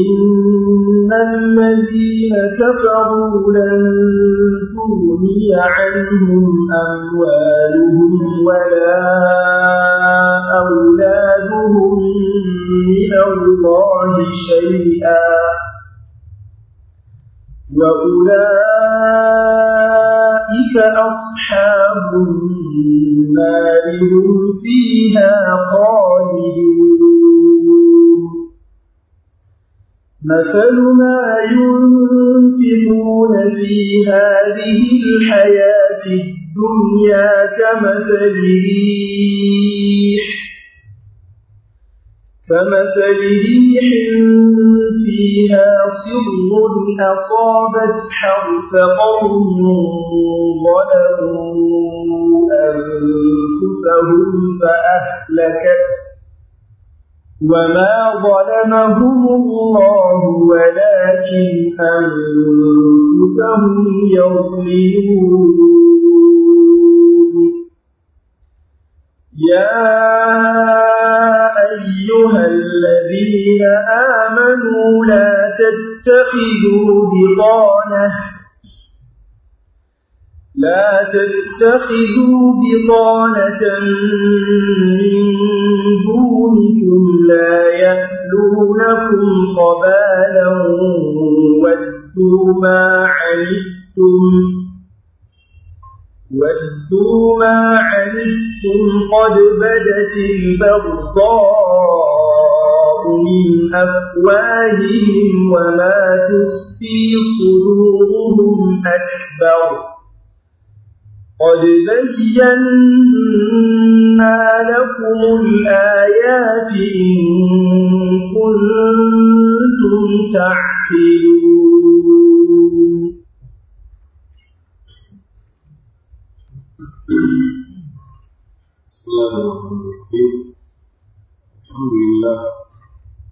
إن الذين كفروا لن تغني عنهم أموالهم ولا أولادهم من الله شيئا وأولئك أصحاب النار هم فيها خالدون مثل ما ينفقون في هذه الحياة الدنيا كمثل ريح كمثل ريح فيها صر أصابت حرث قوم ظلموا أنفسهم فأهلكت وما ظلمهم الله ولكن أنفسهم يظلمون يا أيها الذين آمنوا لا تتخذوا بطانة لا تتخذوا بطانة من دونكم لا يألونكم خبالا ودوا ما عنتم وَدُّوا مَا عَنِتُّمْ قَدْ بَدَتِ الْبَغْضَاءُ مِنْ أَفْوَاهِهِمْ وَمَا تُخْفِي صُدُورُهُمْ أَكْبَرُ قد بينا لكم الآيات إن كنتم تعقلون بسم الله الرحمن الرحيم الحمد لله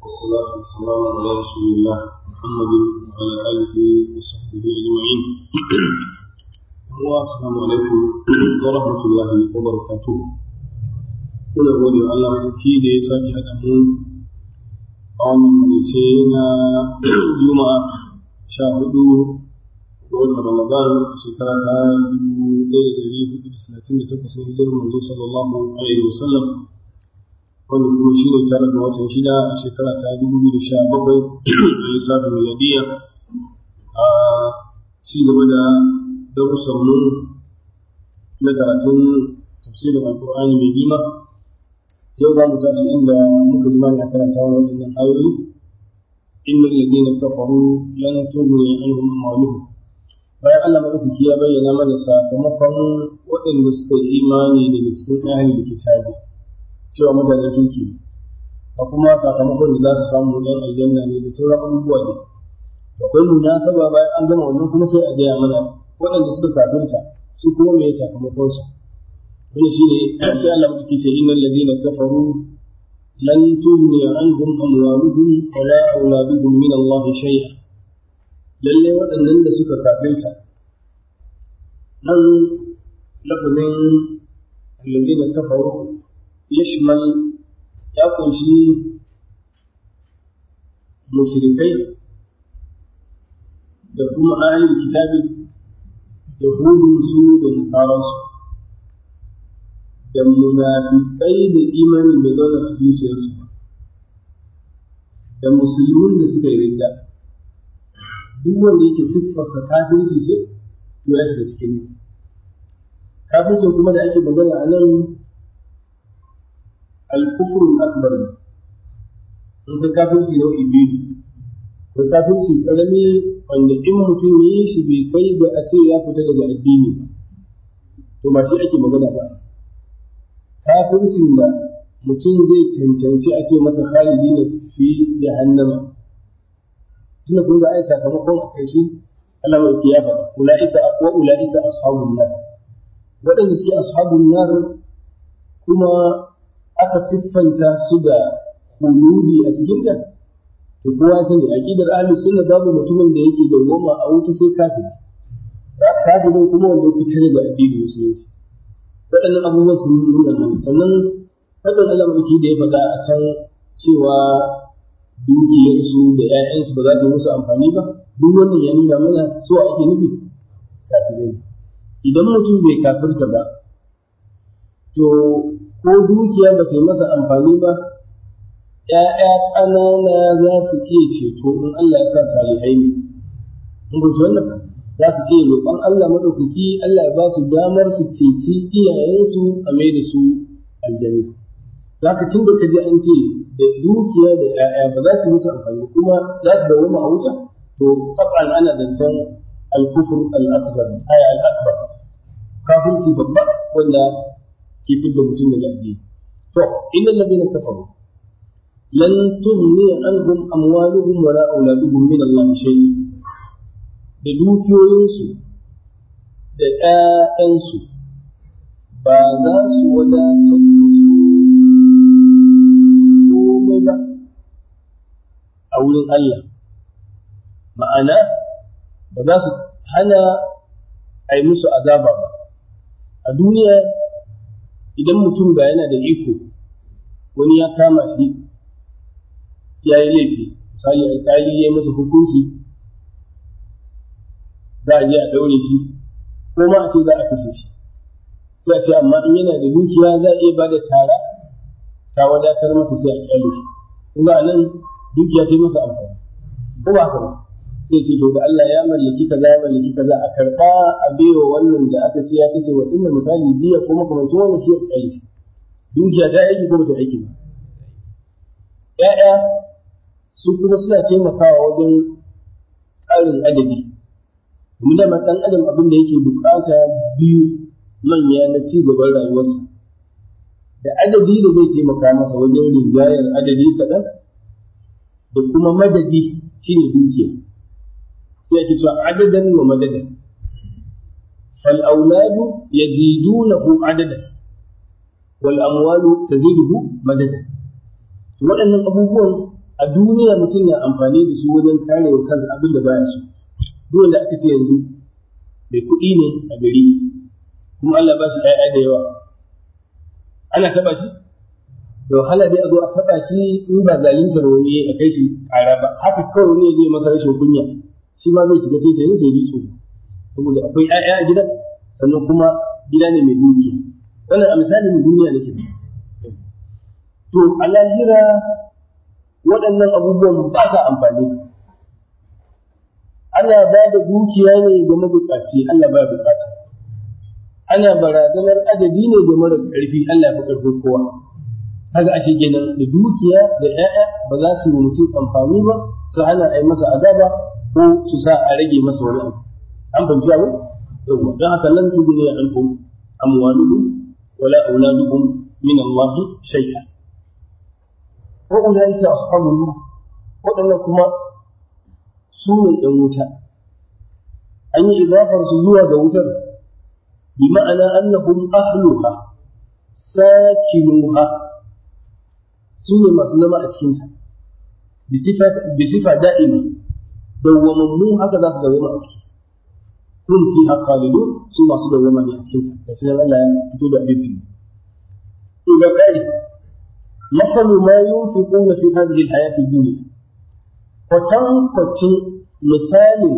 والصلاة والسلام على رسول الله محمد وعلى آله وصحبه أجمعين والسلام عليكم ورحمة الله وبركاته ina gode wa Allah ki da ya sake haɗa mu a wannan mace na juma'a sha hudu ga watan ramadan shekara ta dubu ɗaya da ɗari da da takwas na hijirar manzo sallallahu alaihi wa sallam kuma shi ne tare da watan shida a shekara ta dubu biyu da sha bakwai a lissafin miladiya a ci gaba da darussan mu na karatun tafsirin alkur'ani mai bima yau za mu tashi inda muka ji mani a karanta waɗannan ayoyi inna alladhina kafaru lan tughni anhum amwaluhum bayan Allah madaukaki ya bayyana mana sakamakon waɗanda suka yi imani daga cikin ahlul kitabi cewa mutane kirki Ba kuma sakamakon da za su samu yan aljanna ne da sauran abubuwa ne akwai munasaba bayan an gama wannan kuma sai a gaya mana waɗanda suka kafirta su kuma me ya sakamakon su wani shine sai Allah muke ce innal ladina kafaru lan tughni anhum amwaluhum wala auladuhum min Allah shay'a lalle waɗannan da suka kafirta nan lafazin alladina kafaru yashmal ya kunshi mushrikai da kuma ahlul kitabi yahudun su da nasaran su da munafikai da imanin da zauna a zuciyarsu da musulmin da suka yi ridda duk wanda yake siffarsa kafirci ce to ya shiga cikin kafirci kuma da ake magana a nan al-kufrul akbar ne sun kafirci nau'i biyu da kafirci karami wanda in mutum ya yi shi bai kai da a ce ya fita daga addini ba to ma shi ake magana ba kafircin da mutum zai cancanci a ce masa khalidi ne fi jahannama tunda kun ga ai sakamakon a kai shi Allah mai kiyama ulaika wa ulaika ashabun nar waɗanda suke ashabun nar kuma aka siffanta su da huludi a cikin ta to kowa sani aqidar ahlus sunna babu mutumin da yake da goma a wuta sai kafiri kafirin kuma wanda yake tare da addinin musulunci waɗannan abubuwan sun nuna nan sannan hakan alamaki da ya faɗa a can cewa dukiyarsu da 'ya'yansu ba za su musu amfani ba duk wannan ya nuna mana a ake nufi kafirai idan mutum bai kafirta ba to ko dukiya ba ta masa amfani ba ‘ya'ya ƙanana za su iya ceto in Allah ya sa salihai ne. In ku wannan za su iya roƙon Allah maɗaukaki Allah ya ba su damar su ceci iyayensu a mai da su aljanna. Za ka tun da ka ji an ce da dukiya da ‘ya'ya ba za su yi musu amfani kuma za su dawo a wuta to tab'an ana zancen al-kufr al-asghar ay al-akbar kafirci babba wanda ke fidda mutum daga addini to innal ladina ba. لن تغني عنهم أموالهم ولا أولادهم من الله شيئا da dukiyoyinsu da ‘ya'yansu ba za su wadatar da su ba a wurin Allah ma'ana ba za su hana a yi musu azaba ba a duniya idan mutum ba yana da iko wani ya kama shi ya yi laifi misali alƙali ya yi masa hukunci za a je a daure shi ko ma a ce za a kashe shi sai a ce amma in yana da dukiya za a iya ba da tara ta wadatar masa sai a kyale shi kuma a nan dukiya ce masa amfani ko ba haka sai ce to da Allah ya mallaki kaza ya mallaki kaza a karɓa a biyo wannan da aka ce ya kashe wa inna misali biya ko makamancin wannan shi ya kyale shi dukiya ta aiki ko ba ta aiki ba ya'ya su kuma suna taimakawa wajen ƙarin adadi, domin da ɗan adam abin da yake bukata biyu manya na ci gaban rayuwarsa da adadi da zai taimaka masa wajen rinjayar adadi kaɗan da kuma madadi shine dukiya sai ake cewa adadan wa madadan فالأولاد يزيدونه عددا والأموال تزيده مددا waɗannan abubuwan a duniya mutum ya amfani da su wajen kare wa kansa abin da baya so duk wanda aka ce yanzu mai kuɗi ne a gari kuma Allah ba shi ɗaya da yawa ana taɓa shi da wahala dai a zo a taɓa shi in ba zalintar wani a kai shi ƙara ba haka kawai wani ya je masa rashin kunya shi ma zai shiga sai sai sai tsoro saboda akwai ƴaƴa a gidan sannan kuma gida ne mai dukiya wannan a misalin duniya nake to a lahira waɗannan abubuwan ba sa amfani ana ba da dukiya ne ga mabukaci Allah ba bukata ana barazanar adadi ne ga mara ƙarfi Allah ya ƙarfin kowa kaga ashe kenan da dukiya da 'ya'ya ba za su yi mutum amfani ba su hana a yi masa azaba ko su sa a rage masa wani abu an fahimci abu yau don haka lan tuguni an kum amwaluhum wala auladuhum min Allah shay'a waɗannan su hannu waɗannan kuma su ne wuta an yi idafar zuwa ga wutar bi ma'ana annahum ahluha sakinuha su ne masu zama a cikinta bi sifa da'imi dawwamammu haka za su dawwama a ciki kun fi akalilu su masu dawwama ne a cikinta da sai Allah ya fito da abin fili to ga مثل ما ينفقون في هذه الحياة الدنيا kwatankwacin misalin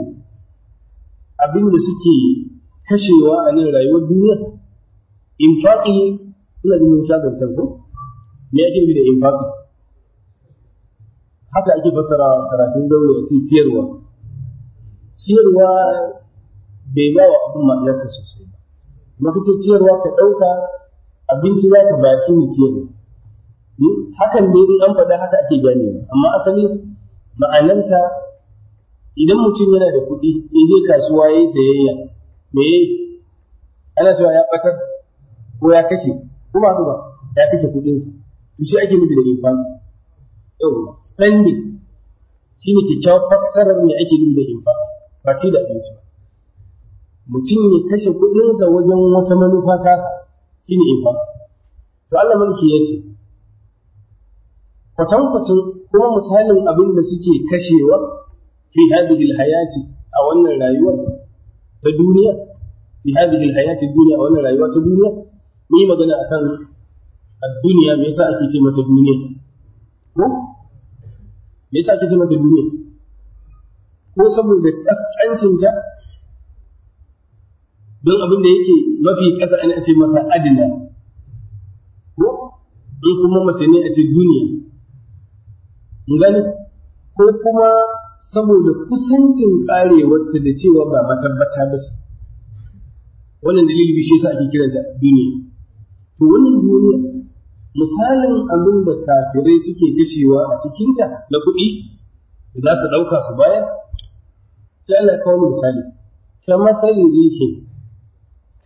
abin da suke kashewa a nan rayuwar duniya infaƙi suna da mun shagar sarko me ake yi da infaƙi haka ake fassara karatun zaure a ce ciyarwa ciyarwa bai ba wa abin ma'anarsa sosai ba kuma ce ciyarwa ka ɗauka abinci za ka ba shi ne ciyarwa hakan ne in an faɗa haka ake gane amma asali ma'anarsa idan mutum yana da kuɗi in zai kasuwa yayi sayayya me ana cewa ya ɓatar ko ya kashe kuma ba ba ya kashe kuɗinsa to shi ake nufi da infaq Yau, spending shine kyakkyawar fassarar me ake nufi da infaq ba shi da abinci mutum ya kashe kuɗinsa wajen wata manufa tasa shine infaq to Allah mulki ya ce kwatankwacin kuma misalin abin da suke kashewa fi hadhihi hayati a wannan rayuwar ta duniya fi hadhihi hayati duniya a wannan rayuwa ta duniya mu yi magana akan ad-dunya me yasa ake ce mata duniya ko me yasa ake ce mata duniya ko saboda kaskancin ta don abin da yake mafi kasa a ce masa adina ko in kuma mace ne a ce duniya gani ko kuma saboda kusancin karewarta da cewa ba matabbata ba wannan dalili shi yasa ake kiranta duniya to wannan duniya misalin abin da kafirai suke kashewa a cikinta na kuɗi za su ɗauka su bayar sai Allah kawo misali kamar sai rihi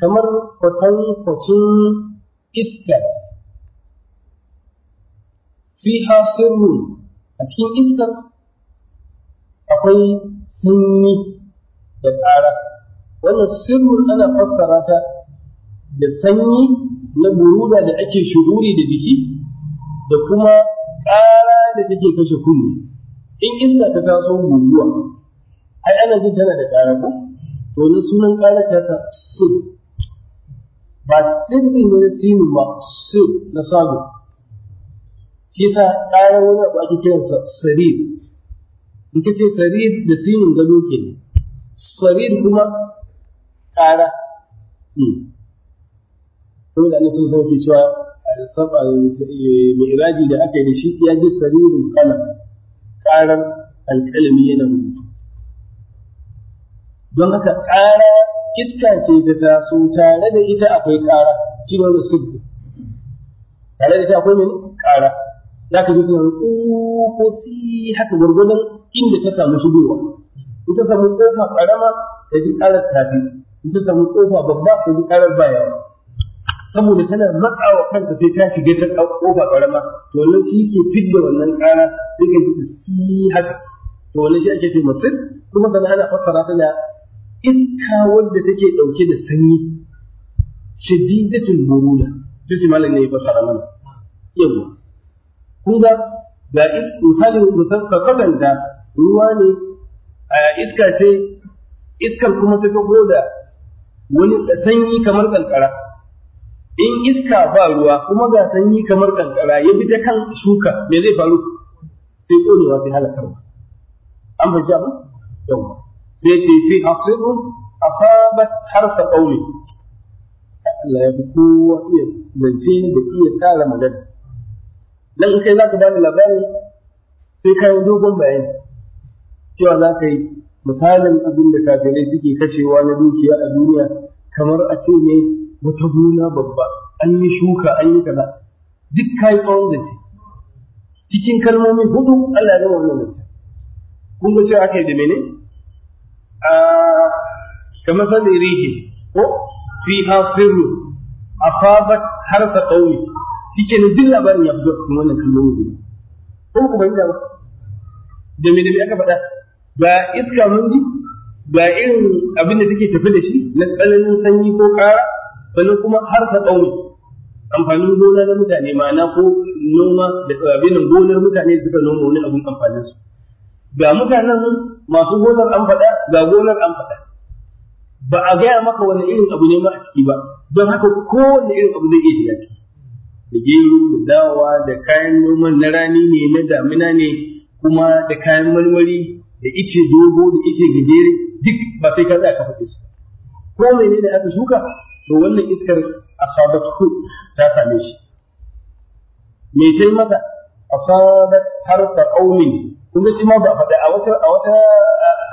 kamar kwatan kwacin Fi fiha a cikin iskar akwai sanyi da ƙara wannan sirrin ana fassara ta da sanyi na buruda da ake shuguri da jiki da kuma ƙara da take kashe kunne in iska ta taso guguwa ai ana jin tana da ƙara ko to ne sunan ƙara ta ta ba sirri ne na sinu ba na sabu shi yasa wani abu ake kiransa sarid in ka ce sarir da sinin gado ke ne sarir kuma ƙara hmm. da annabi sun sauke cewa saba mi'raji da aka yi da shi ya ji saririn kalam ƙarar alƙalami yana rubutu don haka ƙara iska ce ta taso tare da ita akwai ƙara shi ne sirri tare da ita akwai mene za ka ji ko si haka gwargwadon inda ta samu shigowa in ta samu ƙofa ƙarama ta ji ƙarar tafi in ta samu ƙofa babba ta ji ƙarar baya. saboda tana matsawa kanta sai ta shiga ta ƙofa ƙarama to wannan shi ke fidda wannan ƙara sai ka ji ta si haka to wannan shi ake ce masu kuma sannan ana fassara ta da iska wadda take ɗauke da sanyi shadidatul burula sai malam ne ya fassara mana yawa ku ba ga misali ka kasanta ruwa ne a iska ce iskar kuma ta tago da wani sanyi kamar kankara in iska ba ruwa kuma ga sanyi kamar kankara ya bi ta kan shuka me zai faru sai konewa sai halakarwa an fahimci jabu yawa sai ce fi asirun asabat harfa qauli Allah ya fi kowa iya zance da iya tsara magana dan in kai za ka bani labarin sai ka yi dogon bayani cewa za ka yi misalin abin da kafirai suke kashewa na dukiya a duniya kamar a ce ne wata gona babba an yi shuka an yi kaza duk ka yi tsawon zance cikin kalmomi hudu Allah ya gama wannan zance kun ga cewa aka yi da mene a kamar sani rihi ko fi ha sirru asabat harfa qaumi shike ne duk labarin ya fito cikin wannan kalmomi guda ko ku bayyana ba da me da me aka faɗa ba iska mun ji ba irin abin da take tafi da shi na tsananin sanyi ko ƙara sannan kuma har ta ƙauni amfanin gona na mutane ma'ana ko noma da abinan gonar mutane suka noma wani abin amfanin su ga mutanen masu gonar an faɗa ga gonar an faɗa ba a gaya maka wani irin abu ne ma a ciki ba don haka kowane irin abu zai iya shiga ciki da gero da dawa da kayan noman na rani ne na damina ne kuma da kayan marmari da ice dogo da ice gajere duk ba sai ka tsaya ka faɗi su ko mene ne aka shuka to wannan iskar asabat ku ta same shi me sai masa asabat harfa qaumin kuma shi ma ba faɗa a wata a wata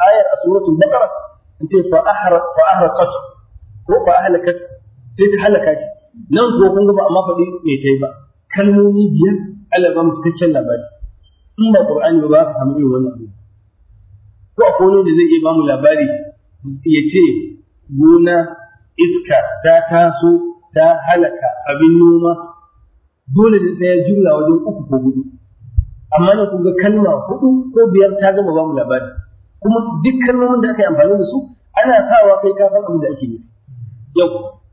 ayar a suratul baqara an ce fa ahra fa qat ko fa ahlakat sai ta halaka shi nan ko kun ga ba amma faɗi mai tai ba kalmomi biyar Allah ba mu cikakken labari in ba Qur'ani ba za ka samu irin wannan abu ko akwai wani da zai iya ba mu labari ya ce gona iska ta taso ta halaka abin noma dole ne tsaya ya jumla wajen uku ko hudu amma ne kun ga kalma hudu ko biyar ta gama ba mu labari kuma duk kalmomin da aka yi amfani da su ana sawa kai ka san abin da ake nufi yau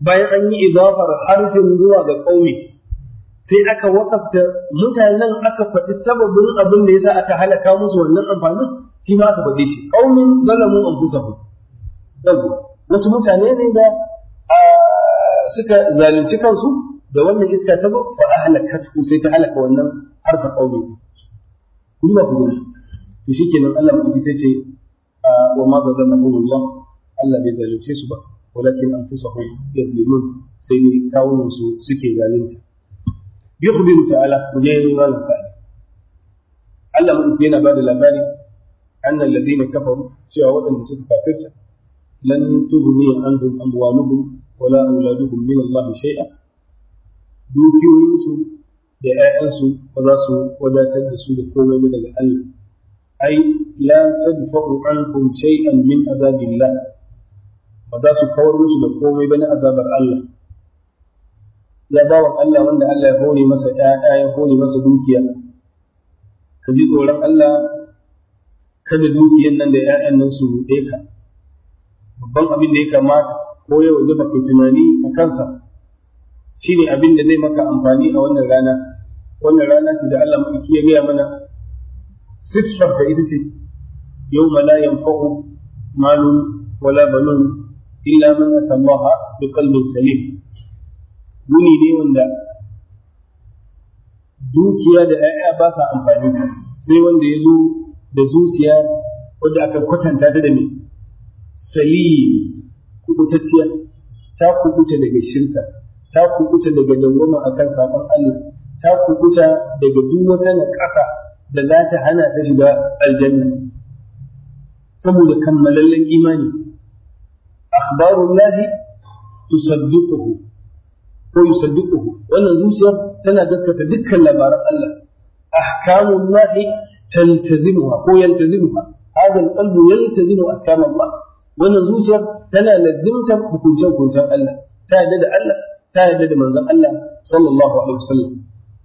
bayan an yi idafar harshen zuwa ga ƙaumi sai aka wasafta mutanen aka faɗi sababin abin da ya sa aka halaka musu wannan amfanin shi ma aka faɗi shi qaumin zalamu anfusahum yawa wasu mutane ne da suka zalunci kansu da wannan iska ta zo fa ahlakatu sai ta halaka wannan harfa qaumi kun ba ku to shikenan Allah mu sai ce wa ma zalama Allah Allah bai zalunce su ba walakin anfusahum yadlimun sai ne kawunan su suke zalunta yukhbiru ta'ala mujayyid ranar sa'i Allah mun yana bada labari annal ladina kafaru cewa waɗanda suka kafirta lan tughni anhum amwaluhum wala auladuhum min Allah shay'a da ‘ya'yansu ba za su wadatar da su da komai daga Allah ai la tadfa'u ankum shay'an min azabillah ba za su kawar musu da komai ba na azabar Allah ya ba wa Allah wanda Allah ya hore masa ƴaƴa ya hore masa dukiya ka ji tsoron Allah kada dukiyan nan da ƴaƴan nan su ruɗe ka babban abin da ya kamata ko yau da baka tunani a kansa shine abin da zai maka amfani a wannan rana wannan rana ce da Allah maɗauki ya gaya mana siffar ta ita ce yau ma la yanfa'u malun wala banun illa man atallaha bi qalbin salim wuni ne wanda dukiya da 'ya'ya ba sa amfani sai wanda ya zo da zuciya wanda aka kwatanta ta da me salim kubutacciya ta kubuta daga shirka ta kubuta daga dawwama akan sabon Allah ta kubuta daga duk wata naƙasa da za ta hana ta shiga aljanna saboda kammalallen imani akhbaru llahi tusaddiquhu ko wannan zuciya tana gaskata dukkan labaran Allah ahkamu llahi tantazimuha ko yaltazimuha hadha alqalbu yaltazimu ahkam Allah wannan zuciya tana lazimtar hukuncen hukuncen Allah ta yadda da Allah ta yadda da manzon Allah sallallahu alaihi wasallam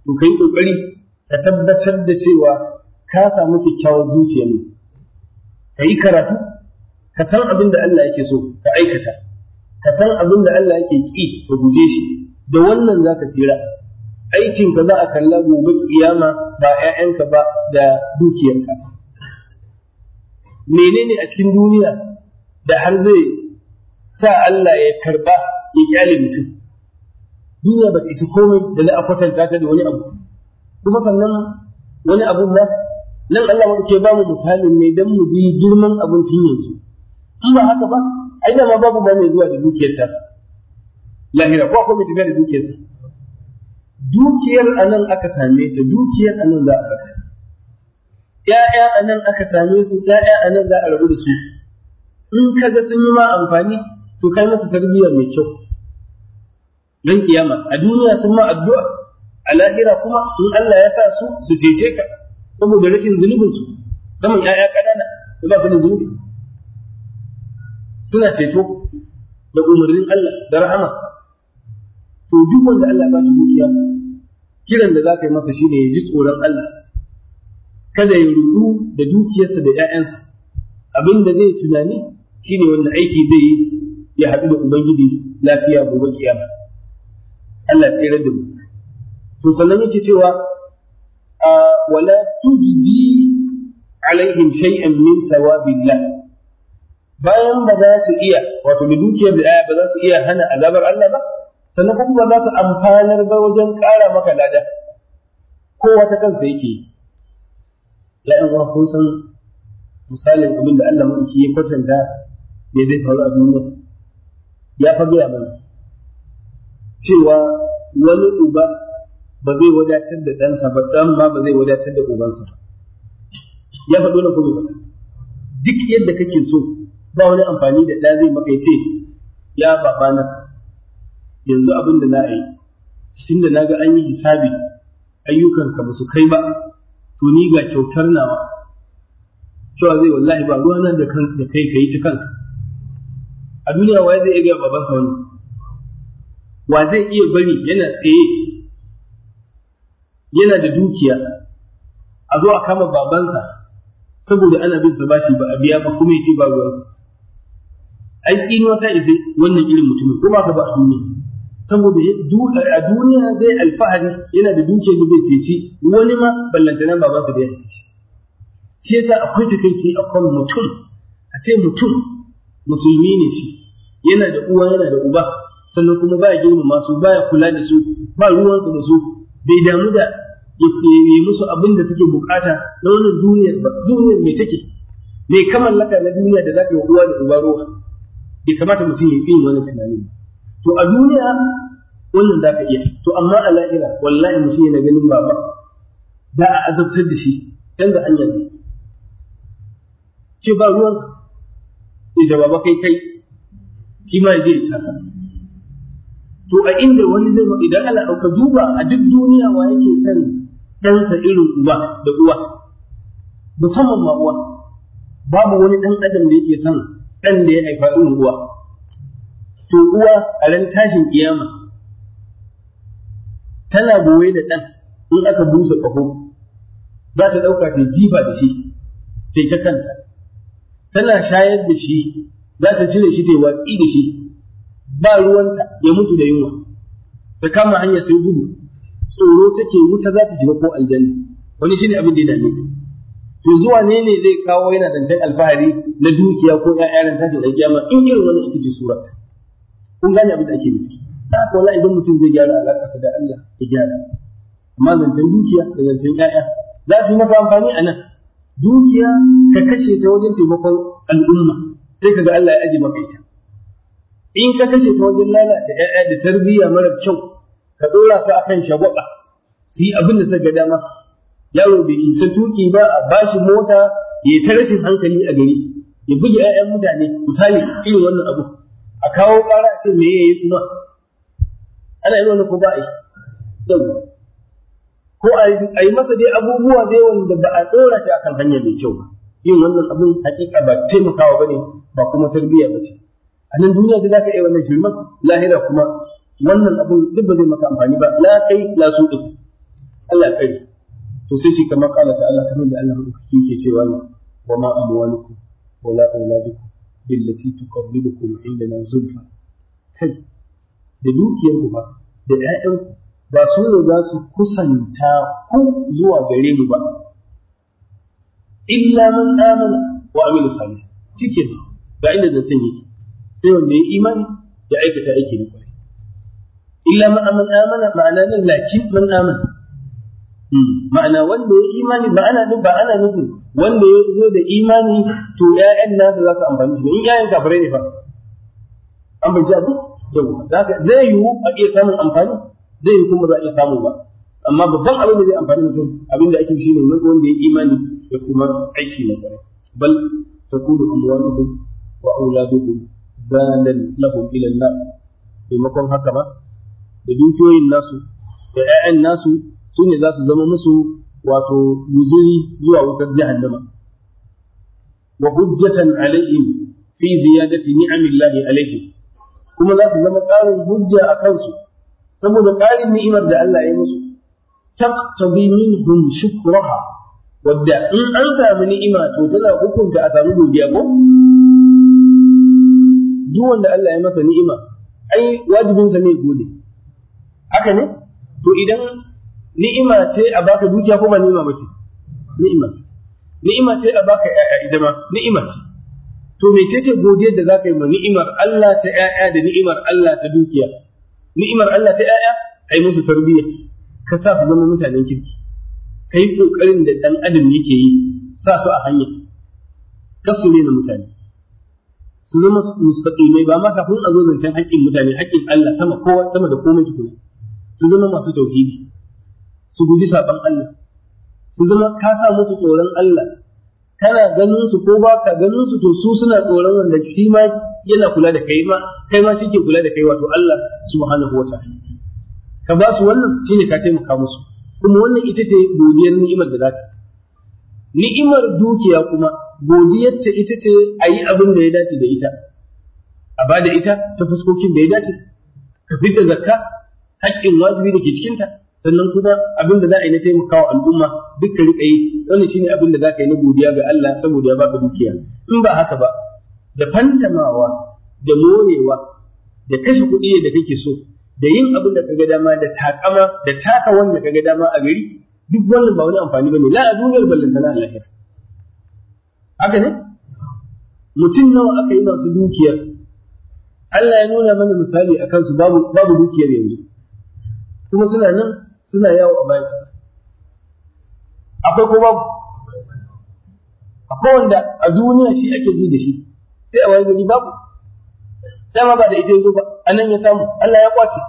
to kai kokari ka tabbatar da cewa ka samu kyakkyawar zuciya ne ka yi karatu ka san abin da Allah yake so ka aikata ka san abin da Allah yake ki ka guje shi da wannan zaka tsira aikin ka za a kalla gobe kiyama ba ƴaƴanka ba da dukiyarka menene a cikin duniya da har zai sa Allah ya karba ya kyale mutum duniya ba ta isa komai da na akwatanta ta da wani abu kuma sannan wani abun ba nan Allah ke ba mu misalin ne don mu ji girman abincin yanzu in ba haka ba ai da ma babu ba mai zuwa da dukiyar tasa lahira ko akwai mai tafiya da dukiyar sa dukiyar anan aka same ta dukiyar anan za a barta Yaya anan aka same su Yaya anan za a rabu da su in ka ga sun yi ma amfani to kai musu tarbiyya mai kyau dan kiyama a duniya sun ma addu'a a lahira kuma in Allah ya sa su su cece ka saboda rashin zunubin su saman ƴaƴa ƙanana ba su da zunubi suna ceto da umarnin Allah da rahamarsa to duk wanda Allah ba shi dukiya kiran da za ka yi masa shine ya ji tsoron Allah kada ya rudu da dukiyarsa da ‘ya'yansa abin da zai tunani shine wanda aiki zai yi ya haɗu da ubangiji lafiya gobe kiyama Allah tsere da mu to sannan yake cewa ah, wala tujdi alaihim shay'an min thawabillah bayan ba za su iya wato da dukiyar da ba za su iya hana azabar Allah ba sannan kuma ba za su amfanar ba wajen ƙara maka lada ko wata kansa yake ya in uwa kun san misalin abin da Allah mulki ya kwatanta me zai faru a duniya ya fage a mana cewa wani uba ba zai wadatar da ɗansa ba ɗan ma ba zai wadatar da ubansa ba ya faɗo na kuma duk yadda kake so ba wani amfani da da zai maka ce ya babana yanzu abin da na yi tun da na ga an yi hisabi ayyukanka ba su kai ba to ni ga kyautar nawa cewa zai wallahi ba ruwa nan da kai ka kai kai ta kanka a duniya waye zai iya baban sa wani wa zai iya bari yana tsaye yana da dukiya a zo a kama babansa saboda ana bin sa bashi ba a biya ba kuma yace ba ruwansa ai tsinuwa wata ife wannan irin mutumin ko ba ka ba a duniya saboda a duniya zai alfahari yana da dukiyar da zai ceci wani ma ballantana babansa da ya shi shi yasa akwai takaici akan mutum a ce mutum musulmi ne shi yana da uwa yana da uba sannan kuma baya masu ba baya kula da su ba ruwansa da su bai damu da ya musu abin da suke bukata na wannan duniyar ba duniyar mai take mai kamallaka na duniya da za ka yi uwa da uba ruwa bai kamata mutum ya yi wani tunani to a duniya wannan za ka iya to amma a la'ira wallahi mutum yana ganin baba da a azabtar da shi canza hanyar ne ce ba ruwansa da baba kai kai kima zai kasa to a inda wani zai ma idan Allah ka duba a duk duniya wa yake san ɗansa irin uba da uwa musamman ma uwa babu wani ɗan adam da yake son ɗan da ya haifa ɗin uwa to uwa a ran tashin kiyama tana goye da ɗan in aka busa ƙaho za ta ɗauka ta jifa da shi ta ta kanta tana shayar da shi za ta cire shi ta watsi da shi ba ruwanta ya mutu da yunwa ta kama hanyar ta gudu tsoro take wuta za ta shiga ko aljanna wani ne abin da ya dame to zuwa ne ne zai kawo yana dantan alfahari na dukiya ko ƴaƴan tashin da kiyama in irin wannan ita ce sura kun gane abin da ake nufi da haka wallahi idan mutum zai gyara alaƙarsa da Allah ya gyara amma zancen dukiya da zancen ƴaƴa za su yi maka amfani a nan dukiya ka kashe ta wajen taimakon al'umma sai kaga Allah ya aje maka ita in ka kashe ta wajen lalata ƴaƴa da tarbiyya mara kyau ka dora su akan shagwaba su yi abin da suka ga dama yaro bai isa tuki ba a bashi mota ya ta rashin hankali a gari ya buge 'ya'yan mutane misali irin wannan abu a kawo ƙara a ce ya yayi kuma ana yi wani ko ba a yi ko a yi masa dai abubuwa dai wanda ba a tsora shi akan hanya mai kyau ba yin wannan abin hakika ba taimakawa ba ne, ba kuma tarbiyya ba ce a nan duniya da za ka iya wannan shirma lahira kuma wannan abin duk ba zai maka amfani ba la kai la su Allah sai to sai shi kamar kala ta Allah kamar da Allah madaukaki ke cewa ne wa ma amwalukum wa la auladukum billati tuqarribukum indana zulfa kai da dukiyar ku ba da ƴaƴan ku ba su ne za su kusanta ku zuwa gare mu ba illa man amana wa amila salih cikin ga inda da san yake sai wanda ya imani da aikata aiki na kwarai illa man amana ma'ana nan lakin man amana ma'ana wanda ya imani ba ana nufin ba ana nufin wanda ya zo da imani to ƴaƴan nasu za su amfani shi in ƴaƴan kafirai ne fa an bai abu yawa zaka zai yiwu a iya samun amfani zai yiwu kuma za a iya samu ba amma babban abin da zai amfani mutum abin da ake shine wanda ya imani da kuma aiki na kwarai bal takunu amwaluhum wa auladuhum zalan lahum ila an-nar maimakon haka ba da dukiyoyin nasu da ƴaƴan nasu su ne za su zama musu wato guzuri zuwa wutar jahannama wa hujjatan alaihim fi ziyadati ni'amillahi alaihim kuma za su zama ƙarin hujja a kansu saboda ƙarin ni'imar da Allah ya musu taqtabi minhum shukraha wadda in an samu ni'ima to tana hukunta a samu godiya ko duk wanda Allah ya masa ni'ima ai wajibin ne gode haka ne to idan ni'ima ce a baka dukiya ko ba ni'ima ba ce ni'ima ce ni'ima ce a baka ƴaƴa ita ma ni'ima ce to mecece godiyar da zaka yi ma ni'imar Allah ta ƴaƴa da ni'imar Allah ta dukiya ni'imar Allah ta ƴaƴa kai musu tarbiyya ka sa su zama mutanen kirki kai kokarin da dan adam yake yi sa su a hanya kasu ne na mutane su zama mustaqimai ba ma kafin a zo zancen haƙƙin mutane haƙƙin Allah sama kowa sama da komai tukuna su zama masu tauhidi su guji saban Allah su zama ka sa musu tsoron Allah kana ganin su ko ba ka ganin su to su suna tsoron wanda shi ma yana kula da kai ma kai ma shi ke kula da kai wato Allah subhanahu wa ta'ala ka ba su wannan shine ka taimaka musu kuma wannan ita ce godiyar ni'imar da zaka ni'imar dukiya kuma godiyar ta ita ce ayi abin da ya dace da ita a bada ita ta fuskokin da ya dace ka fita zakka haƙƙin wajibi da ke cikinta sannan kuma abin da za a yi na taimakawa al'umma duk ka rika yi wannan shine abin da za ka yi na godiya ga Allah saboda ya baka dukiya in ba haka ba da fantamawa da morewa da kashe kuɗi da kake so da yin abin da kaga dama da takama da taka wanda kaga dama a gari duk wannan ba wani amfani bane la a duniyar ballantana a lahira haka ne mutum nawa aka yi masu dukiyar Allah ya nuna mana misali akan su babu babu dukiyar yanzu kuma suna nan suna yawo a bayan akwai ko babu akwai wanda a duniya shi ake ji da shi sai a waye gari babu ma ba da ita ba anan ya samu Allah ya kwace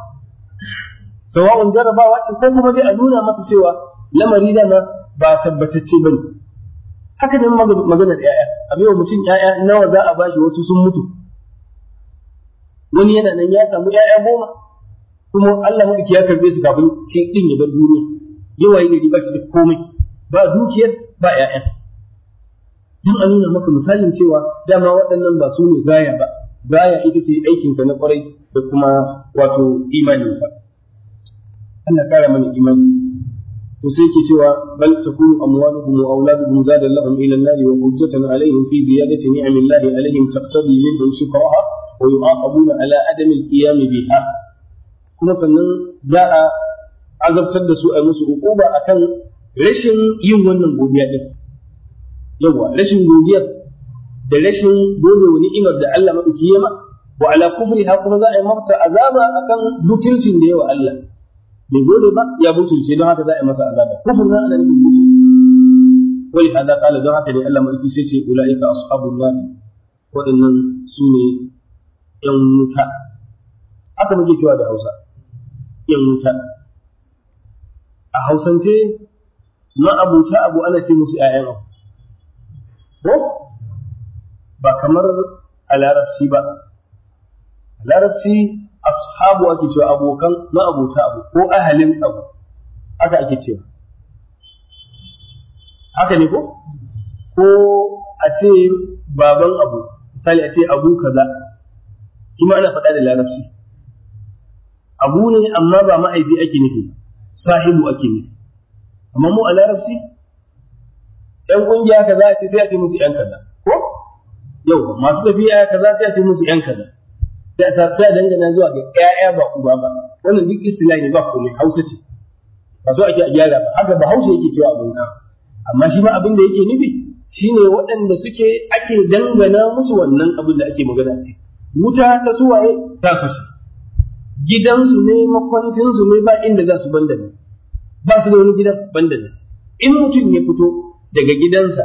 sawa'un jarabawa ce ko kuma dai a nuna masa cewa lamari na ba tabbatacce bane haka ne maganar 'ya'ya, a yau mutum 'ya'ya nawa za a bashi wasu sun mutu wani yana nan ya samu 'ya'ya goma kuma Allah mu ya karbe su kafin shi din ya bar duniya yawa yi gari ba shi da komai ba dukiyar ba ƴaƴan dan a nuna maka misalin cewa dama waɗannan ba su ne gaya ba gaya ita ce aikin ka na kwarai da kuma wato imanin ba. Allah kara mana imani to sai yake cewa bal takunu amwaluhum wa auladuhum zada lahum ila an-nar wa hujjatan alaihim fi ziyadati ni'amillahi alaihim taqtadi minhum shukraha wa yu'aqabuna ala adami al-qiyam biha kuma sannan za a azabtar da su a musu hukuma kan rashin yin wannan godiya ɗin. Yawwa rashin godiya da rashin gode wa ni'imar da Allah madauki yama wa ala kufri ha kuma za a yi masa azaba kan mutuncin da yawa Allah bai gode ba ya butulce don haka za a yi masa azaba kufur na ala nufin butulci wani hada kala don haka ne Allah madauki sai ce ula'ika ashabun nar waɗannan su ne ‘yan wuta Haka muke cewa da Hausa yan wuta a hausance abuta abu ana ce musu ‘ya'yan abu ko ba kamar a larabci ba a larabci ashabu ake cewa abokan abuta abu ko ahalin abu haka ake cewa haka ne ko ko a ce baban abu misali a ce abu kaza kuma ana faɗa da larabci abu ne amma ba ma'aibi ake nufi sahibu ake nufi amma mu a larabci yan za a ce sai a ce musu yan kaza ko yau masu tafiya kaza sai a ce musu yan kaza sai a sa dangana zuwa ga ƴaƴa ba ku ba wannan duk istilahi ba ku ne Hausa ce ba so ake a gyara ba haka ba Hausa yake cewa abin ta amma shi ma abin da yake nufi shine waɗanda suke ake dangana musu wannan abin da ake magana wuta ta suwaye ta su gidansu ne makwancinsu ne ba inda za su banda ne ba su da wani gidan banda ne in mutum ya fito daga gidansa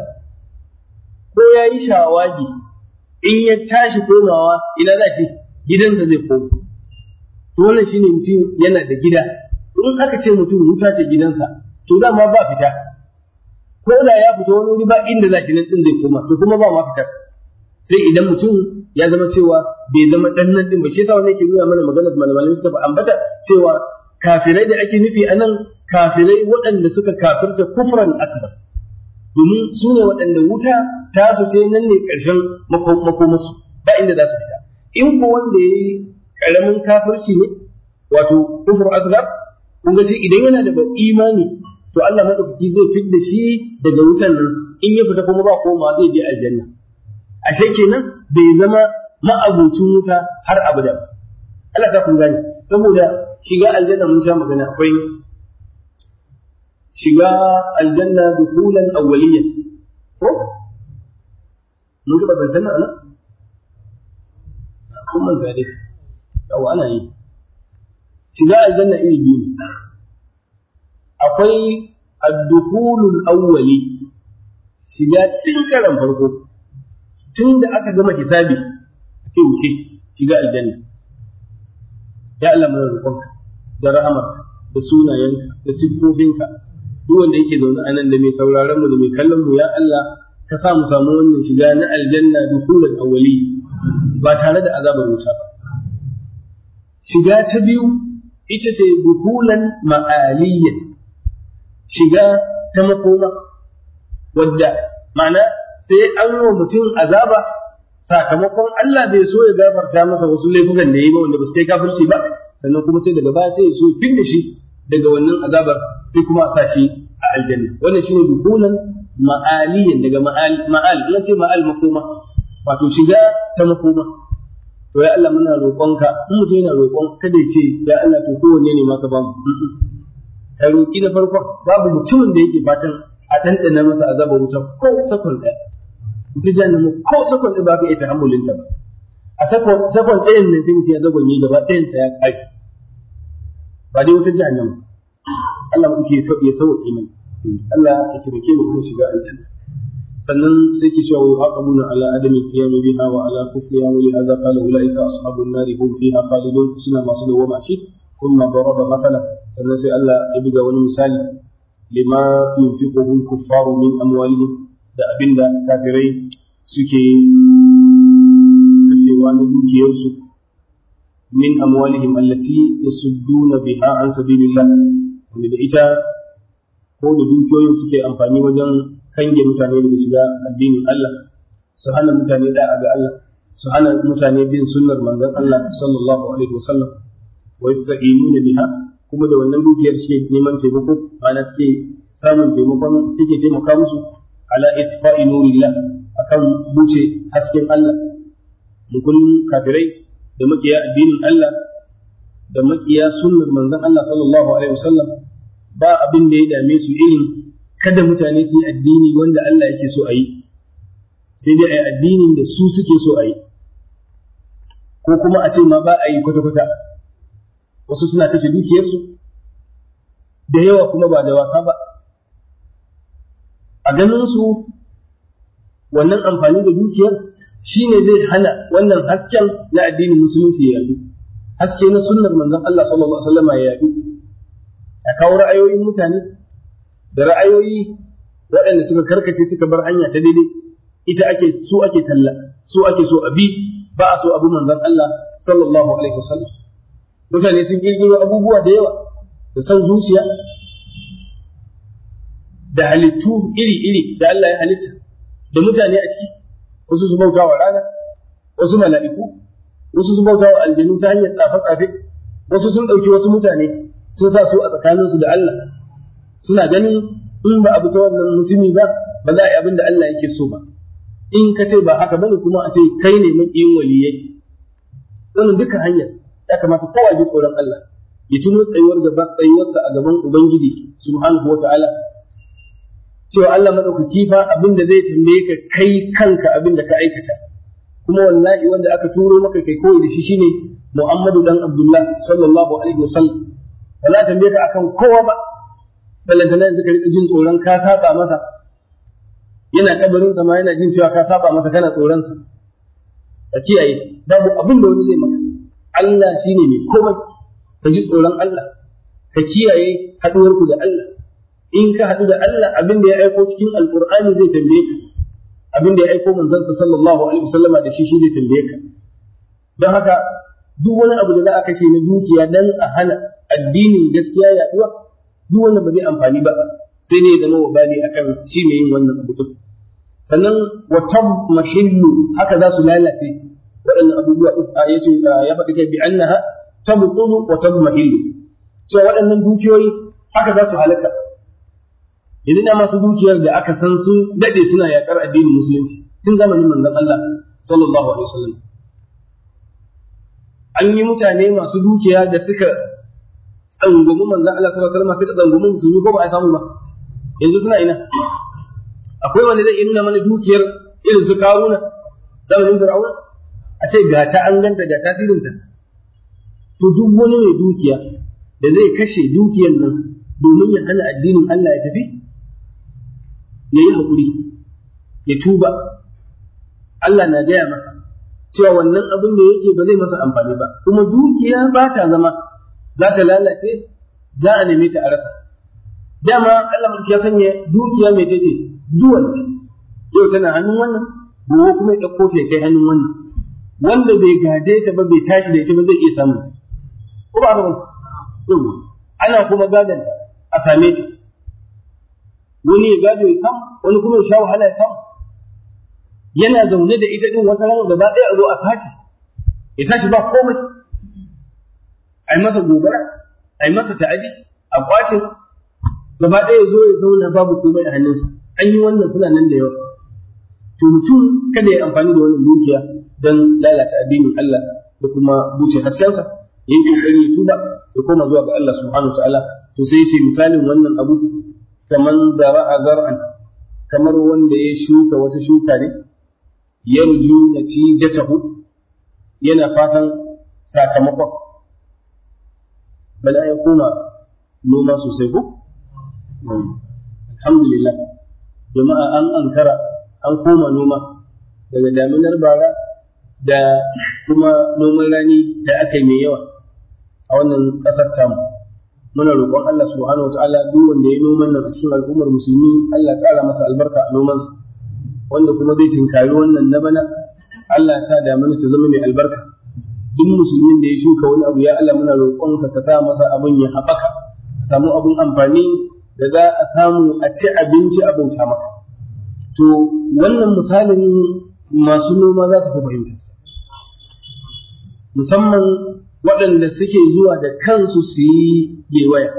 ko ya yi shawagi in ya tashi komawa ina za shi gidansa zai koma to wannan ne mutum yana da gida in aka ce mutum wuta ta gidansa to dama ba fita ko da ya fito wani ba inda za shi nan din zai koma to kuma ba ma fita sai idan mutum ya zama cewa bai zama dan nan din ba shi yasa wannan yake nuna mana maganar malamai suka ba ambata cewa kafirai da ake nufi anan kafirai waɗanda suka kafirta kufran akbar domin su ne waɗanda wuta ta su ce nan ne ƙarshen makomasu ba inda za su fita in ko wanda ya yi ƙaramin kafirci ne wato kufur asgar kun ga idan yana da imani to Allah madaukaki zai fidda shi daga wutan nan in ya fita kuma ba koma zai je aljanna ashe kenan bai zama ma'abucin wuta har abada Allah ta kun gane saboda shiga aljanna mun sha magana akwai shiga aljanna dukulan awwaliyan ko mun ga ban sanar ana kun man gare yawa ana yi shiga aljanna iri biyu ne akwai ad-dukulul awwali shiga tun karan farko tun da aka gama hisabi a ce wuce shiga aljanna ya Allah mana roƙonka da rahamarka da sunayenka da siffofinka duk wanda yake zaune a nan da mai sauraron mu da mai kallon mu ya Allah ka sa mu samu wannan shiga na aljanna dukulan awwali ba tare da azabar wuta ba shiga ta biyu ita ce dukulan ma'aliyyan shiga ta makoma wadda ma'ana sai an wa mutum azaba sakamakon Allah bai so ya gafarta masa wasu laifukan da ya yi ba wanda ba su kai kafirci ba sannan kuma sai daga baya sai ya so ya binne shi daga wannan azabar sai kuma a sa shi a aljanna wannan shine dukunan ma'aliyan daga ma'al ma'al ina ce ma'al makoma wato shiga ta makoma to ya Allah muna roƙonka in mutum yana roƙon kada ya ce ya Allah to kowanne ne ma ka bamu ka roƙi na farkon babu mutumin da yake fatan a ɗanɗana masa azabar wuta ko sakon ɗaya ita mu ko sakon ɗin ba ka iya tahammulin ta ba a sakon sakon ɗayan nan sai mutum ya zagonye gaba ɗayan sa ya ƙare ba dai wutar jahannama Allah mu muke ya sauƙi mana Allah ya taimake mu kuma shiga aljanna sannan sai ki cewa yuhaqabuna ala adami qiyami biha wa ala kufriha wa li hadha qala ulaika ashabun nari hum fiha khalidun suna masu da dawama shi kuma daraba mathalan sannan sai Allah ya buga wani misali lima yunfiqu al kuffaru min amwalihim da abin da kafirai suke kashewa na dukiyarsu min amwalihim allati yasudduna biha an sabilillah wanda da ita ko da dukiyoyin suke amfani wajen kange mutane daga shiga addinin Allah su hana mutane da'a ga Allah su hana mutane bin sunnar manzon Allah sallallahu alaihi wasallam wa yasta'inuna biha kuma da wannan dukiyar suke neman taimako ana suke samun taimakon take taimaka musu ala itfa'i nurillah akan buce hasken Allah mukullin kafirai da makiya addinin Allah da makiya sunnar manzon Allah sallallahu alaihi wasallam ba abin da ya dame su irin kada mutane su yi addini wanda Allah yake so ayi, yi sai dai a yi addinin da su suke so ayi. ko kuma a ce ma ba a yi kwata-kwata wasu suna kashe dukiyarsu da yawa kuma ba da wasa ba a ganin su wannan amfani da dukiyar shine zai hana wannan hasken na addinin musulunci ya yadu haske na sunnar manzon Allah sallallahu alaihi wasallam ya yadu a kawo ra'ayoyin mutane da ra'ayoyi waɗanda suka karkace suka bar hanya ta daidai ita ake su ake talla su ake so a bi ba a so abu manzon Allah sallallahu alaihi wasallam mutane sun kirkiro abubuwa da yawa da san zuciya da halittu iri-iri da Allah ya halitta da mutane a ciki wasu su bauta wa rana wasu mala'iku wasu su bauta wa aljanu ta hanyar tsafe-tsafe wasu sun ɗauki wasu mutane sun sa su a tsakaninsu da Allah suna ganin in ba abu ta wannan mutumi ba ba za a yi abin da Allah yake so ba in ka ce ba haka bane kuma a ce kai ne maƙiyin waliyai wannan duka hanyar ya kamata kowa ji tsoron Allah ya tuno tsayuwar gaba tsayuwarsa a gaban Ubangiji subhanahu wa ta'ala cewa Allah madaukaki fa abin da zai tambaye ka kai kanka abin da ka aikata kuma wallahi wanda aka turo maka kai koyi da shi shine Muhammadu dan Abdullah sallallahu alaihi wasallam wala tambaye ka akan kowa ba ballantana yanzu ka rika jin tsoron ka saba masa yana kabarin sa ma yana jin cewa ka saba masa kana tsoron sa ka kiyaye babu abin da wani zai maka Allah shine mai komai ka ji tsoron Allah ka kiyaye haduwarku da Allah in ka haɗu da Allah abin da ya aiko cikin Alƙur'ani zai tambaye ka abin da ya aiko manzansa sallallahu alaihi wasallam da shi shi zai tambaye ka don haka duk wani abu da za a kashe na dukiya dan a hana addinin gaskiya yaduwa duk wannan ba zai amfani ba sai ne ya zama wabali akan shi ne yin wannan abu din sannan wa mahillu haka za su lalace waɗannan abubuwa yace ya faɗi kai bi annaha tabtulu wa mahillu. cewa waɗannan dukiyoyi haka za su halaka yanzu da masu dukiyar da aka san sun dade suna yakar addinin musulunci tun zamanin manzon Allah sallallahu alaihi wasallam an yi mutane masu dukiya da suka tsangwami manzon Allah sallallahu alaihi wasallam suka su musulmi ko ba a samu ba yanzu suna ina akwai wanda zai nuna mana dukiyar irin su karuna zamanin fir'auna a ce ga ta an ganta ga tasirinta to duk wani mai dukiya da zai kashe dukiyar nan domin ya hana addinin Allah ya tafi ya yi haƙuri ya tuba Allah na gaya masa cewa wannan abin da yake ba zai masa amfani ba kuma dukiya ba ta zama za ta lalace za a neme ta a rasa dama Allah mulki ya sanya dukiya mai tace duwan yau tana hannun wannan gobe kuma ya ɗauko ta ya kai hannun wannan wanda bai gaje ta ba bai tashi da ita ba zai iya samun ko ba ana kuma gadanta a same ta wani ya gado ya samu wani kuma ya sha wahala ya samu yana zaune da ita din wata ran gaba ɗaya a zo a tashi ya tashi ba komai a yi masa gobara a yi masa ta'adi a kwashe gaba ɗaya zo ya zauna babu komai a hannunsa an yi wannan suna nan da yawa to mutum kada ya amfani da wannan dukiya don lalata addinin Allah da kuma buce haskensa yin kokari ya tuba ya koma zuwa ga Allah subhanahu wa ta'ala to sai ce misalin wannan abu zara zara'a zar'a kamar wanda ya shuka wata shuka ne ci natijatahu yana fatan sakamakon bala ya kuma noma sosai ko alhamdulillah jama'a an ankara an koma noma daga daminar bara da kuma noman rani da aka yi mai yawa a wannan ƙasar tamu muna roƙon Allah subhanahu wa ta'ala duk wanda ya noman nan a cikin al'ummar musulmi Allah ƙara masa albarka a nomansa wanda kuma zai tinkari wannan na bana Allah ya sa damina ta zama mai albarka duk musulmin da ya shuka wani abu ya Allah muna roƙon ka ka sa masa abun ya haɓaka a samu abun amfani da za a samu a ci abinci a bauta maka to wannan misalin masu noma za su fi fahimtarsa musamman waɗanda suke zuwa da kansu su yi gewaya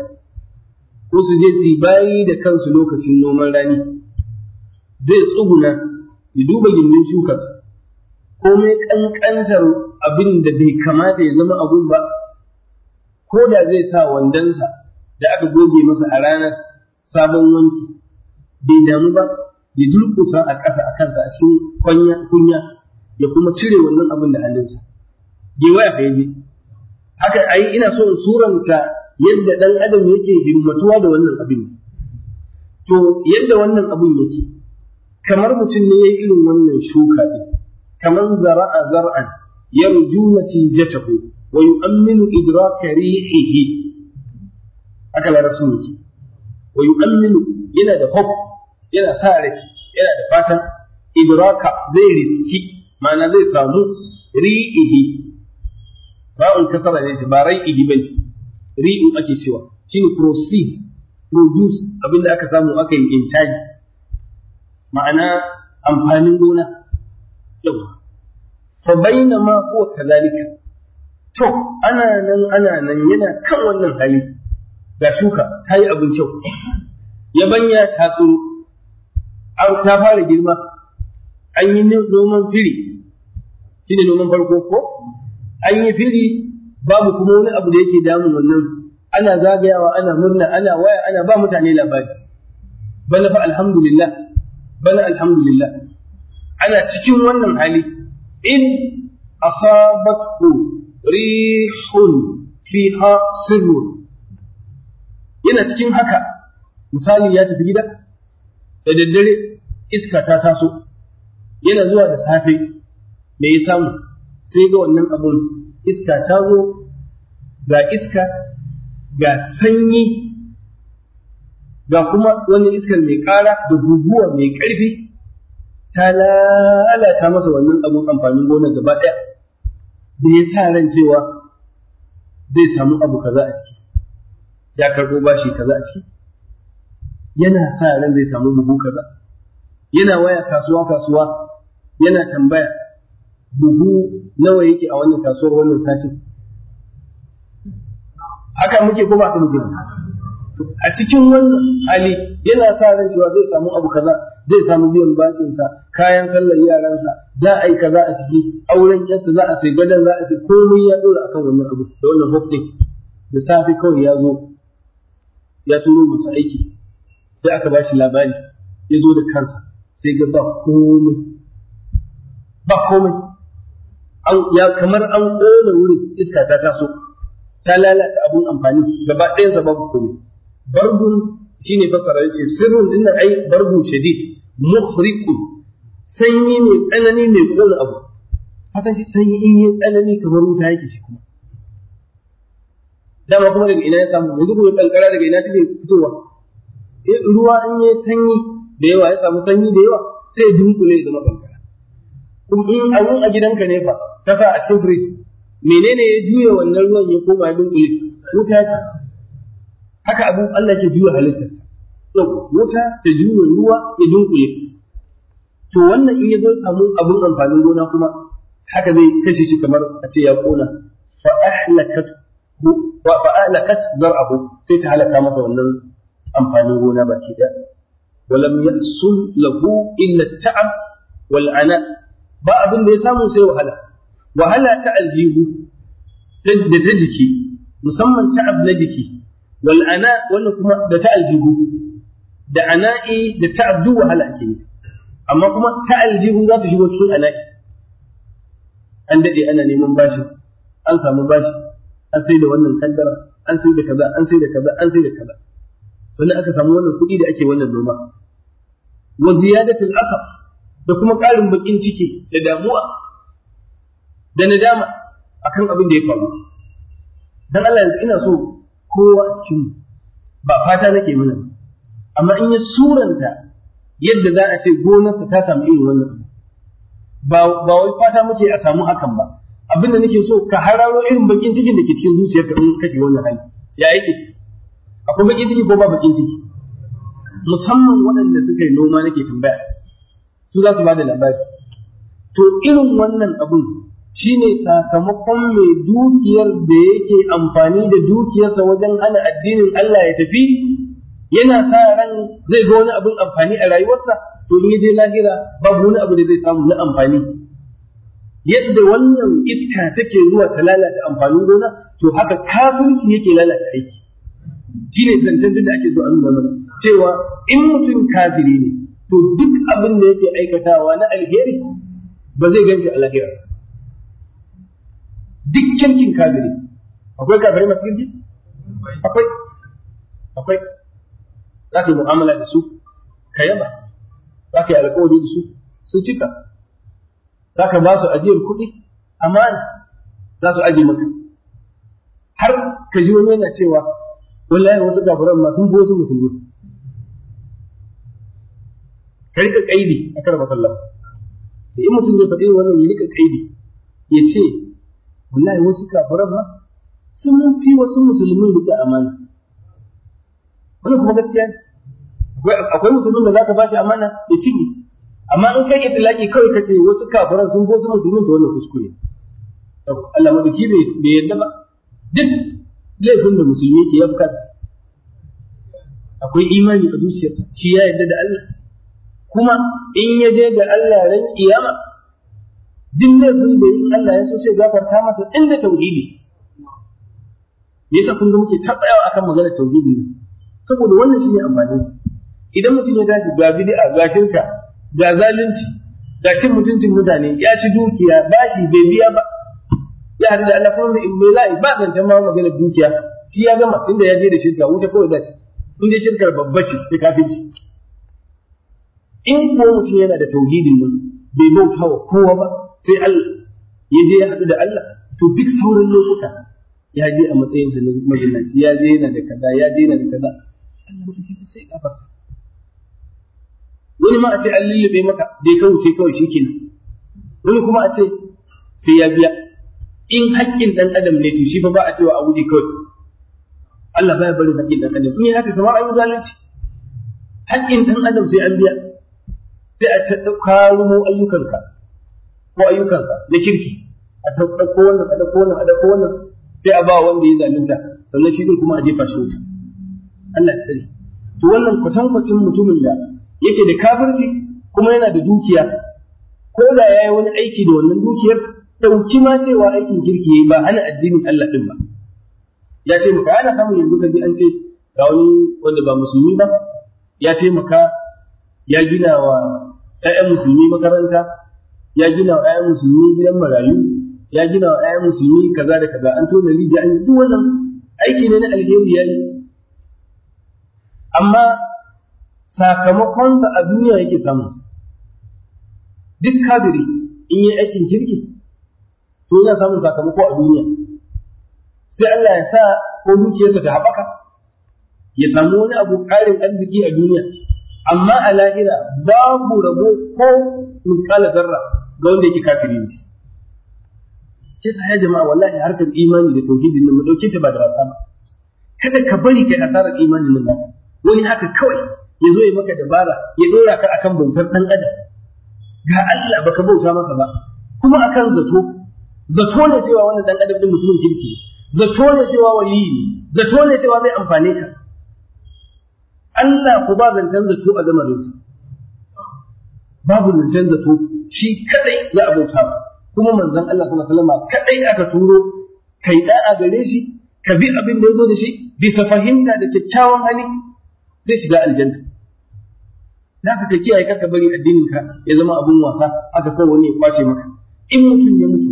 ko su je su bayi da kansu lokacin noman rani zai tsuguna ya duba gindin ko komai ƙanƙantar abin da bai kamata ya zama abun ba ko da zai sa wandonsa da aka goge masa a ranar sabon wanki bai damu ba ya durkusa a ƙasa a kansa a cikin kunya ya kuma cire wannan abin da hannunsa gewaya fa haka ai ina so in suranta yadda dan adam yake himmatuwa da wannan abin to yadda wannan abin yake kamar mutum ne yayi irin wannan shuka din kamar zara'a zar'an yarju natijatahu wa yu'minu idraka rihihi haka larabcin yake wa yu'minu yana da hope yana sa rai yana da fata idraka zai riski ma'ana zai samu ri'ihi ba'un kasara ne ba rai igi bai ri'u ake cewa shine proceed produce da aka samu aka yi intaji ma'ana amfanin gona yawa fa ma ko kazalika to ana nan ana nan yana kan wannan hali ga shuka ta yi abin kyau yabanya ta tsoro ta fara girma an yi noman fili shine noman farko ko an yi fili babu kuma wani abu da yake damun wannan ana zagayawa ana murna ana waya ana ba mutane labari bana fa alhamdulillah bana alhamdulillah ana cikin wannan hali in asabatku rihun fiha sirrun yana cikin haka misali ya tafi gida da daddare iska ta taso yana zuwa da safe me ya samu sai ga wannan abun iska ta zo ga iska ga sanyi ga kuma wani iskar mai ƙara da guguwa mai ƙarfi ta lalata masa wannan abun amfanin gonar gaba ɗaya da ya sa ran cewa zai samu abu kaza a ciki ya karɓo bashi kaza a ciki yana sa ran zai samu buhu kaza yana waya kasuwa kasuwa yana tambaya buhu nawa yake a wannan kasuwar wannan satin haka muke ko ba ka muke a cikin wannan hali yana sa ran cewa zai samu abu kaza zai samu biyan bashinsa kayan sallar yaransa za a yi kaza a ciki auren yarsa za a sai gadon za a sai komai ya dora akan wannan abu da wannan hope da safe kawai ya zo ya turo musu aiki sai aka bashi labari ya zo da kansa sai ga ba komai ba komai ya kamar an ƙona wurin iska ta taso ta lalata abun amfani gaba ɗayan sa babu komai barbu shine fasara yace sirrun dinnan ai barbu shadid muhriqun sanyi mai tsanani mai ƙona abu haka shi sanyi in yi tsanani kamar wuta yake shi kuma dama kuma daga ina ya samu yanzu kuma kankara daga ina take fitowa eh, ruwa in yi sanyi da yawa ya samu sanyi da yawa sai ya dunkule ya zama kankara in abun a gidanka ne fa ta sa a cikin fridge menene ya juya wannan ruwan ya koma ya dunkule wuta ce haka abun Allah ke juya halittarsa to wuta ta juya ruwa ya dunkule to wannan in ya zo samu abin amfanin gona kuma haka zai kashe shi kamar a ce ya kona fa ahlakat wa fa ahlakat zar'ahu sai ta halaka masa wannan amfanin gona baki daya ولم يحصل له إلا التعب والعناء ba abin da ya samu sai wahala wahala ta aljihu da ta jiki musamman ta'ab na jiki wal ana wannan kuma da ta aljihu da ana'i da ta'ab duk wahala ake yi amma kuma ta aljihu za ta shigo cikin ana'i an daɗe ana neman bashi an samu bashi an sai da wannan kaddara an sai da kaza an sai da kaza an sai da kaza sannan aka samu wannan kuɗi da ake wannan noma wa ziyadatul asab da kuma ƙarin bakin ciki da damuwa da nadama akan abin da ya faru dan Allah yanzu ina so kowa a cikin ba fata nake mana amma in ya suranta yadda za a ce gonarsa ta samu irin wannan ba ba wai fata muke a samu hakan ba abin da nake so ka hararo irin bakin cikin da ke cikin ka in kashe wannan hali ya yake akwai bakin ciki ko ba bakin ciki musamman waɗanda suka yi noma nake tambaya su za su ba da labari to irin wannan abun ne sakamakon mai dukiyar da yake amfani da dukiyarsa wajen hana addinin Allah ya tafi yana sa ran zai ga wani abin amfani a rayuwarsa to ni dai lahira babu wani abu da zai samu na amfani yadda wannan iska take zuwa ta lalata amfanin gona to haka kafirci yake lalata aiki ne zancen da ake so a nuna mana cewa in mutum kafiri ne to duk abin da yake aikatawa na alheri ba zai ganshi a lahira duk kirkin kafiri akwai kafiri masu kirki akwai akwai za ka yi mu'amala da su ka yaba za ka yi alƙawari da su su cika za ka ba su ajiyar kuɗi amana za su ajiye maka har ka ji wani yana cewa wallahi wasu kafiran ma sun fi wasu musulmi ka rika kaidi a kan masallah da in mutum ya faɗi wannan ya rika kaidi ya ce wallahi wasu kafiran ma sun fi wasu musulmin rike amana Wani kuma gaskiya akwai musulmin da za ka bashi amana ya cinye amma in kai tilaki kawai ka ce wasu kafiran sun fi wasu musulmin da wannan kuskure Allah madaki bai yadda ba duk laifin da musulmi ke yafka akwai imani a zuciyarsa shi ya yadda da Allah kuma in ya je ga Allah ran kiyama duk laifin da yin Allah ya so sai gafarta masa inda tauhidi me yasa kun ga muke tabbayawa akan maganar tauhidi ne saboda wannan shine amfanin sa idan mutum ya tashi ga bid'a ga shirka ga zalunci ga cin mutuncin mutane ya ci dukiya bashi bai biya ba ya hadu da Allah kuma in mai la'i ba zan ma maganar dukiya shi ya gama tunda ya je da shirka wuta kawai da shi in dai shirkar babba ce ta kafin shi in ko mutum yana da tauhidin nan bai bauta wa kowa ba sai Allah ya je ya haɗu da Allah to duk sauran lokuta ya je a matsayin sa na majinnaci ya je yana da kaza ya je yana da kaza wani ma a ce an lullube maka dai ka wuce kawai shikenan wani kuma a ce sai ya biya in haƙƙin ɗan adam ne to shi fa ba a cewa a wuce kawai Allah baya barin haƙƙin ɗan adam in haka kamar an yi zalunci haƙƙin ɗan adam sai an biya sai a ta karumo ayyukanka ko ayyukansa na kirki a ta ɗauko wannan a ɗauko wannan a ɗauko wannan sai a ba wanda ya zalunta sannan shi ɗin kuma a jefa shi wuta Allah ta tsare to wannan kwatan mutumin da yake da kafirci kuma yana da dukiya ko da ya yi wani aiki da wannan dukiyar ɗauki ma cewa aikin kirki yi ba hana addinin Allah ɗin ba ya ce maka ana samun yanzu kaji an ce ga wani wanda ba musulmi ba ya ce maka ya gina wa ƴaƴan musulmi makaranta ya gina wa ƴaƴan musulmi gidan marayu ya gina wa ƴaƴan musulmi kaza da kaza an tona rijiya an yi wannan aiki ne na alheri yi. amma sakamakonsa a duniya yake samun duk kabiri in yi aikin kirki to yana samun sakamako a duniya sai Allah ya sa ko dukiyarsa ta haɓaka ya samu wani abu ƙarin arziki a duniya amma a lahira babu rabo ko miskala zarra ga wanda yake kafiri ne ke sa ya jama'a wallahi harkar imani da tauhidin nan mu dauke ta ba da wasa ba kada ka bari kai asarar imanin nan wani haka kawai ya zo ya maka dabara ya dora ka akan bautar dan adam ga Allah baka bauta masa ba kuma akan zato zato ne cewa wannan dan adam din mutumin kirki zato ne cewa waliyi zato ne cewa zai amfane ka Allah ku ba zancen zato a lamarinsa babu zancen zato shi kadai ya abauta ba kuma manzon Allah sallallahu alaihi kadai aka turo kai da'a gare shi ka bi abin da yazo da shi bisa fahimta da kyakkyawan hali sai shiga aljanta. Da ka kiyaye ka bari addinin ya zama abin wasa aka kai wani ya kwace maka in mutum ya mutu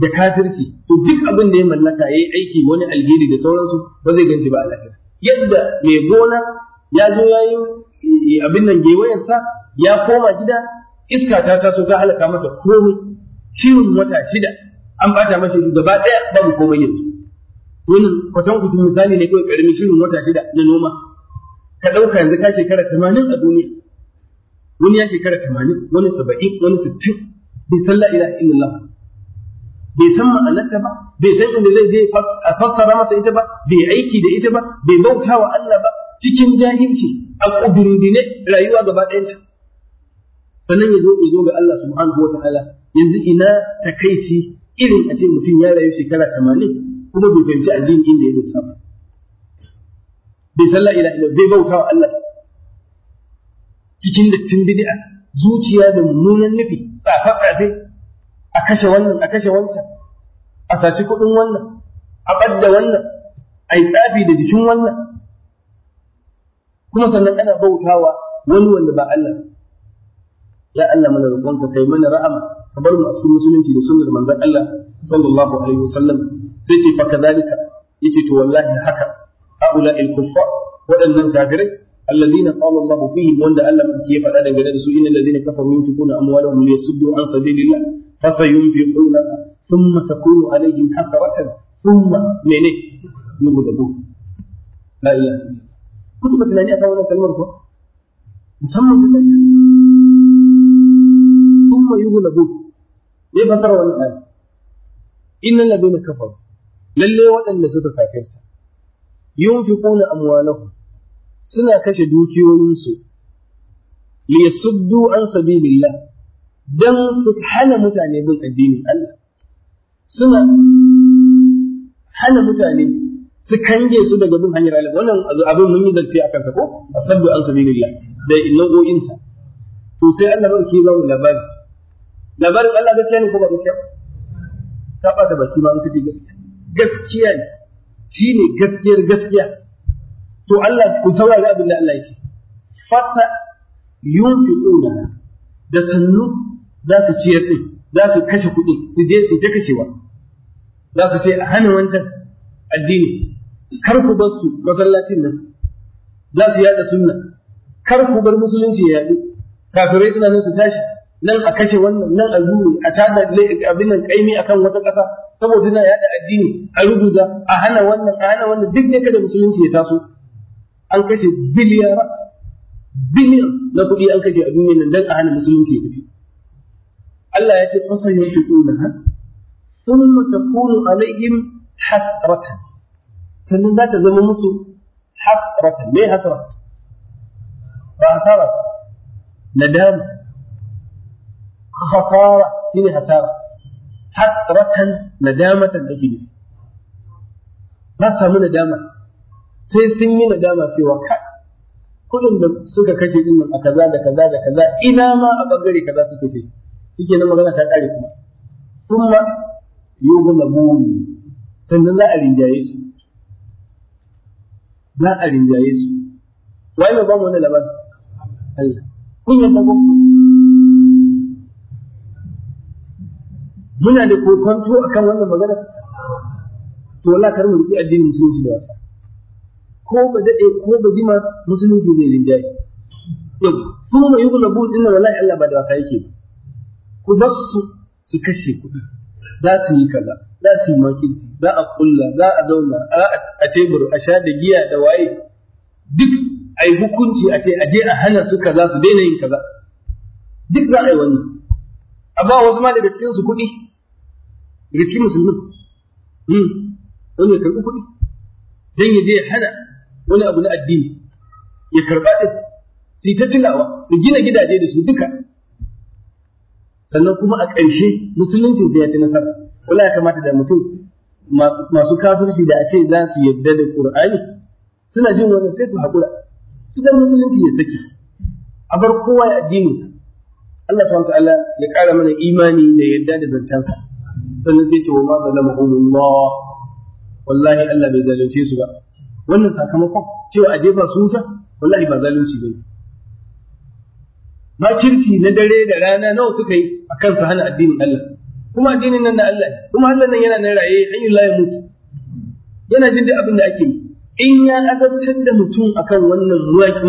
da kafirci to duk abin da ya mallaka ya yi aiki wani alheri da sauransu ba zai ganshi ba a yadda mai gona ya zo ya yi eh, abin nan gewayarsa ya koma gida iska ta taso ta halaka masa komai ciwon wata shida an bata masa gaba ɗaya babu komai yanzu wannan kwatan kutun misali ne kawai karamin shirin wata shida na noma ka ɗauka yanzu ka shekara tamanin a duniya wani ya shekara tamanin wani saba'in wani sittin bai san la ilaha illallah bai san ma'anarta ba bai san inda zai je a fassara masa ita ba bai aiki da ita ba bai bauta wa Allah ba cikin jahilci a ne rayuwa gaba ɗayanta sannan ya zo ya zo ga Allah subhanahu wataala yanzu ina takaici irin a ce mutum ya rayu shekara tamanin kuma bai fahimci addini inda ya dosa ba bai sallah ila ila bai bauta wa Allah cikin dattin bid'a zuciya da mummunan nufi tsafa tsafe a kashe wannan a kashe wancan a saci kuɗin wannan a ɓadda wannan a yi tsafi da jikin wannan kuma sannan ana bautawa wani wanda ba Allah ya Allah mana roƙonka kai mana rahama ka bar mu a cikin musulunci da sunnar manzon Allah sallallahu alaihi wasallam sai ce fa kadalika yace to wallahi haka haula il kuffar waɗannan kafirai alladhina qala Allah fihim wanda Allah ke faɗa dangane da su innal ladina kafaru yunfiquna amwalahum liyasuddu an sabilillah fasayunfiquna thumma takunu alaihim hasratan thumma mene yughdabu la ilaha كتب إسلامية تولى في المرفع مسمى بالأجل ثم يغلبون ليه بصر ولا حاجة إن الذين كفروا للي وأن سوى كافرته ينفقون أموالهم سنة كشدوكي وينسوا ليصدوا عن سبيل الله دم سبحان متعني بالدين الله سنة حنا متعني su kange su daga bin hanyar Allah wannan abin mun yi zance akan sa ko asabbu an sabilillah da nau'o'in sa to sai Allah barki ba mu labari labarin Allah gaskiya ne ko ba gaskiya ta ba da baki ma kace gaskiya gaskiya ne shine gaskiyar gaskiya to Allah ku saurari abin da Allah yake fata yunfiquna da sannu za su ciyar din za su kashe kuɗi su je su ta kashewa za su ce a hana wancan addini kar ku bar su masallacin nan za su yada sunna kar ku bar musulunci ya yadu kafirai suna nan su tashi nan a kashe wannan nan a zuri a tada abin nan kaimi akan wata ƙasa saboda na yada addini a rubuta a hana wannan a hana wannan duk ne kada musulunci ya taso an kashe biliyarat biliyan na kuɗi an kashe a duniyar nan dan a hana musulunci ya tafi Allah ya ce fasan yake tuna ha thumma takunu alaihim hasratan sannan za ta zama musu hasratan me hasra ba hasara Nadama khasara shine hasara hasratan nadamatan da gidi za su samu nadama sai sun yi nadama cewa kai kudin da suka kashe din a kaza da kaza da kaza ina ma a bangare kaza suka ce suke nan magana ta kare kuma kuma yugo labun sannan za a rinjaye su za a rinjaye su wai mai bamu wani labar? Allah kun yadda ba muna da kokonto akan wannan magana to Allah kar mu yi addinin musulunci da wasa ko ba daɗe ko ba jima musulunci zai rinjaye yau kuma yuglabun inna wallahi Allah ba da wasa yake ku basu su kashe kuɗi za su yi kaza za su yi makirci za a kulla za a zauna a tebur a sha da giya da waye duk a yi hukunci a ce a je a hana su kaza su daina yin kaza duk za a yi wani a amma wasu ma daga cikin su kuɗi daga cikin musulmin hmm. wani ya karɓi kuɗi don ya je ya hana wani abu na addini ya karɓa ɗin su yi ta cilawa su gina gidaje da su duka sannan kuma a ƙarshe musuluncin sai ya ci nasara kula ya kamata da mutum masu kafirci da a ce za su yarda da qur'ani suna jin wannan sai su haƙura su dan musulunci ya saki a bar kowa ya addini Allah subhanahu ta'ala ya ƙara mana imani da yarda da zancansa sannan sai ce wa ma zalamahumullah wallahi Allah bai zalunce su ba wannan sakamakon cewa a jefa su wuta wallahi ba zalunci bane makirci na dare da rana nawa suka yi a kansu hana addinin Allah kuma addinin nan na Allah kuma Allah nan yana nan raye hanyar la ya mutu yana jin duk abin da ake yi in ya azabtar da mutum akan wannan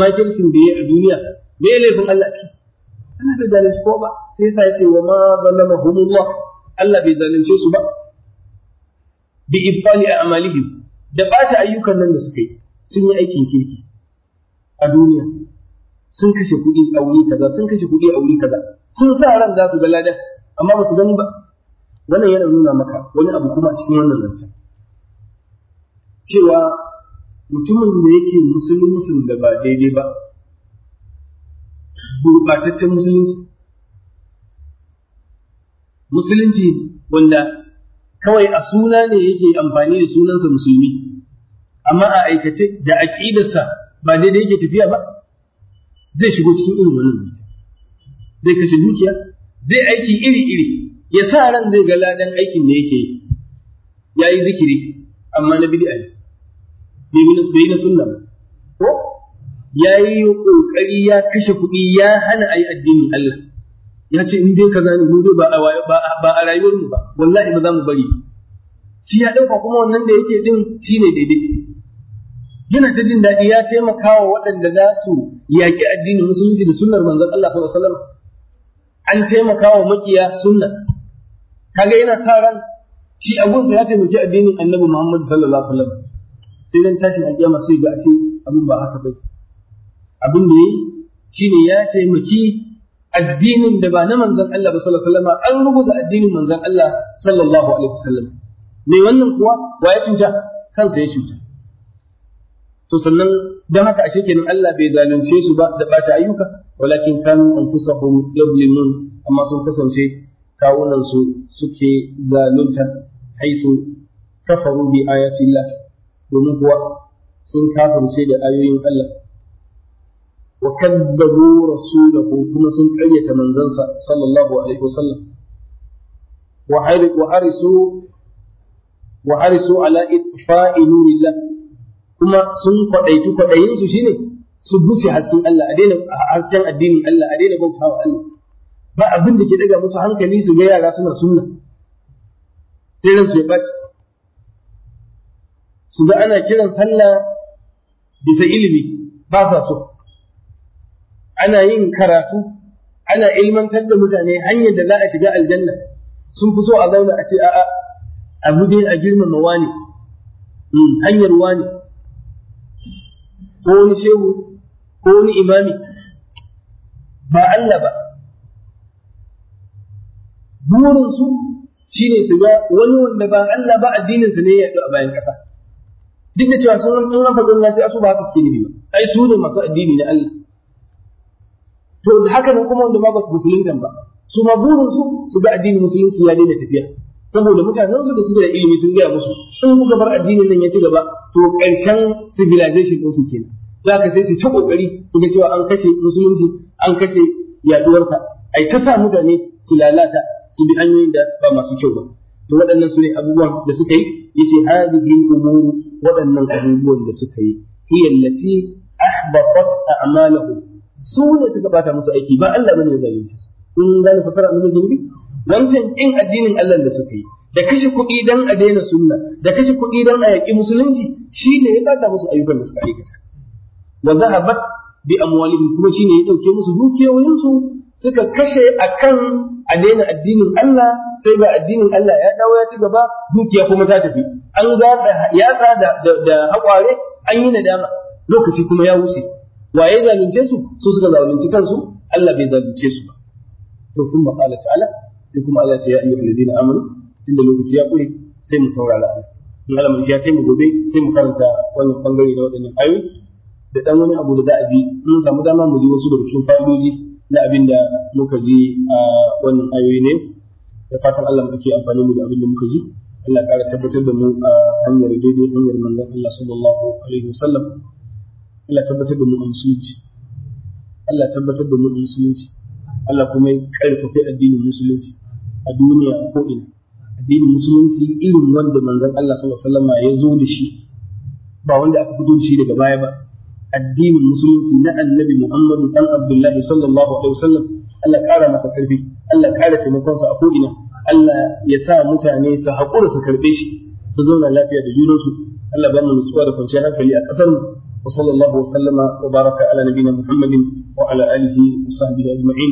makircin da ya a duniya "Bai laifin Allah ce ana bai zalunci ko ba sai sa ya ce wa ma zalamahumullah Allah bai zalunce su ba bi a a'malihim da bata ayyukan nan da suka yi sun yi aikin kirki a duniya sun kashe kuɗi a wuri kaza sun kashe kuɗi a wuri kaza sun sa ran za su ga ladan amma ba su gani ba wannan yana nuna maka wani abu kuma a cikin wannan zancen cewa mutumin da yake musulunci da ba daidai ba gurɓataccen musulunci musulunci wanda kawai a suna ne yake amfani da sunansa musulmi amma a aikace da aƙidarsa ba daidai yake tafiya ba zai shigo cikin irin wannan zuciya zai kashe dukiya zai aiki iri-iri ya sa ran zai ga ladan aikin da yake yi ya yi zikiri amma na bid'a ne bai yi na sunna ba ko ya yi kokari ya kashe kuɗi ya hana yi addinin Allah ya ce in dai kaza ne mu dai ba ba a rayuwar mu ba wallahi ba za mu bari shi ya dauka kuma wannan da yake din shine daidai yana ta jin daɗi ya taimaka wa waɗanda za su yaƙi addinin musulunci da sunnar manzon Allah sallallahu alaihi wasallam an taimaka wa makiya sunna kaga yana sa ran shi abunsa ya taimaki addinin annabi Muhammad sallallahu alaihi wasallam sai dan tashin alƙiyama sai ga ashe abin ba haka bai abin da yayi shine ya taimaki addinin da ba na manzon Allah ba sallallahu alaihi wasallam an rubuta addinin manzon Allah sallallahu alaihi wasallam me wannan kuwa wa ya cuta kansa ya cuta to sannan dan haka ashe kenan Allah bai zalunce su ba da bata ayyuka walakin kanu anfusahum yablimun amma sun kasance kawunan su suke zalunta haitu kafaru bi ayati Allah domin kuwa sun kafirce da ayoyin Allah wa kadzabu rasulahu kuma sun karyata manzansa sallallahu alaihi wasallam wa harisu wa harisu ala itfa'i nurillah kuma sun kwadaitu kwadayin su ne su buce hasken Allah a daina hasken addinin Allah a daina bautawa Allah ba abin da ke daga musu hankali su ga yara suna sunna sai ran su ya baci su ga ana kiran sallah bisa ilimi ba sa so ana yin karatu ana ilmantar da mutane hanyar da za a shiga aljanna sun fi so a zauna a ce a'a abu dai a girmama wani hmm, hanyar wani ko wani shehu ko wani imami ba Allah ba burinsu shi ne su ga wani wanda ba Allah ba addininsa ne ya yaɗu a bayan ƙasa duk da cewa sun sun rafa gwamna sai asu ba haka suke nufi ba ai su ne masu addini na Allah to da haka nan kuma wanda ma ba su musulunta ba su ma burinsu su ga addinin musulunci ya daina tafiya saboda mutanen su da suke da ilimi sun gaya musu in kuka bar addinin nan ya ci gaba to ƙarshen civilization din su kenan za ka sai su ci kokari su ga cewa an kashe musulunci an kashe yaduwarsa ai ta sa mutane su lalata su bi hanyoyin da ba masu kyau ba to waɗannan su ne abubuwan da suka yi yace hadhihi umur waɗannan abubuwan da suka yi hiya allati ahbatat a'malahum su ne suka bata musu aiki ba Allah bane ya zalunce su kun gane fasara mun gindi wancan kin addinin Allah da suka yi da kashe kuɗi dan a daina sunna da kashe kuɗi dan a yaƙi musulunci shi ne ya ɓata musu ayyukan da suka aikata wa zahabat bi amwalihim kuma shi ne ya ɗauke musu dukiyoyinsu suka kashe akan a daina addinin Allah sai ga addinin Allah ya dawo ya ci gaba dukiya kuma ta tafi an gatsa yatsa da da hakware an yi nadama lokaci kuma ya wuce waye zalunce su su suka zalunci kansu Allah bai zalunce su ba to kuma qala ta'ala sai kuma Allah ya ayyuhal ladina amanu da lokaci ya kure sai mu saurara in Allah ya kai mu gobe sai mu karanta wannan bangare da waɗannan ayoyi da dan wani abu da za a ji mun samu dama mu ji wasu daga cikin fa'idoji na abin da muka ji a wannan ayoyi ne da fatan Allah muke amfani mu da abin da muka ji Allah ƙara tabbatar da mu a hanyar daidai hanyar manzon Allah sallallahu alaihi wasallam Allah tabbatar da mu a musulunci Allah tabbatar da mu a musulunci Allah kuma ya karfafa addinin musulunci a duniya ko ina addinin musulunci irin wanda manzon Allah sallallahu alaihi wasallam ya zo da shi ba wanda aka fito da shi daga baya ba addinin musulunci na annabi Muhammadu dan Abdullahi sallallahu alaihi wasallam Allah kara masa karfi Allah kara taimakonsa a ko ina Allah ya sa mutane su haƙura su karbe shi su zauna lafiya da junansu Allah ba mu nutsuwa da kwanciyar hankali a ƙasar wa sallallahu wa sallama wa baraka ala nabiyina Muhammadin wa ala alihi wa sahbihi ajma'in